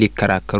ሊከራከሩ